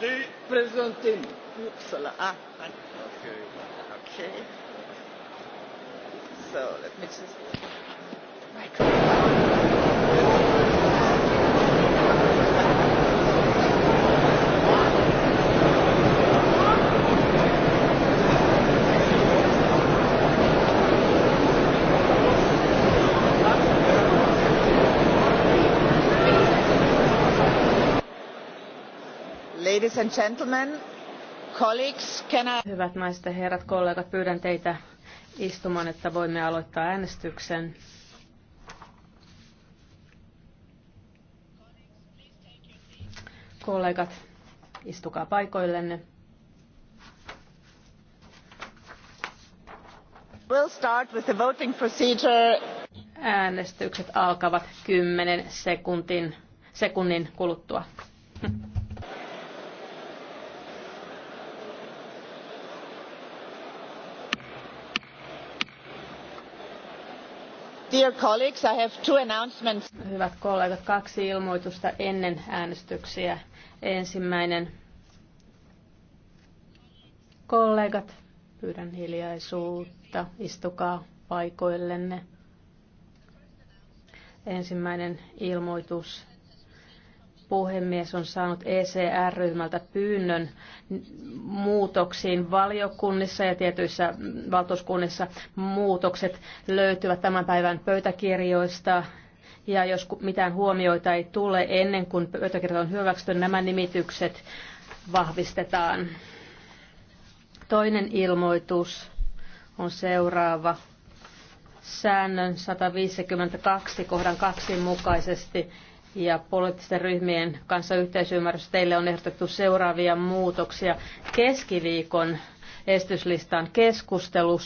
the presenting Uppsala. Ah, thank you. Okay. okay. So let me just. Microphone. Ladies and gentlemen, colleagues, can I... Hyvät naiset ja herrat, kollegat, pyydän teitä istumaan, että voimme aloittaa äänestyksen. Kollegat, istukaa paikoillenne. We'll start with the voting procedure. Äänestykset alkavat 10 sekuntin, sekunnin kuluttua. Dear colleagues, I have two announcements. Hyvät kollegat, kaksi ilmoitusta ennen äänestyksiä. Ensimmäinen. Kollegat, pyydän hiljaisuutta. Istukaa paikoillenne. Ensimmäinen ilmoitus. Puhemies on saanut ECR-ryhmältä pyynnön muutoksiin valiokunnissa ja tietyissä valtuuskunnissa. Muutokset löytyvät tämän päivän pöytäkirjoista ja jos mitään huomioita ei tule ennen kuin pöytäkirja on hyväksytty, nämä nimitykset vahvistetaan. Toinen ilmoitus on seuraava. Säännön 152 kohdan 2 mukaisesti ja poliittisten ryhmien kanssa yhteisymmärrys. Teille on ehdotettu seuraavia muutoksia keskiviikon estyslistan keskustelussa.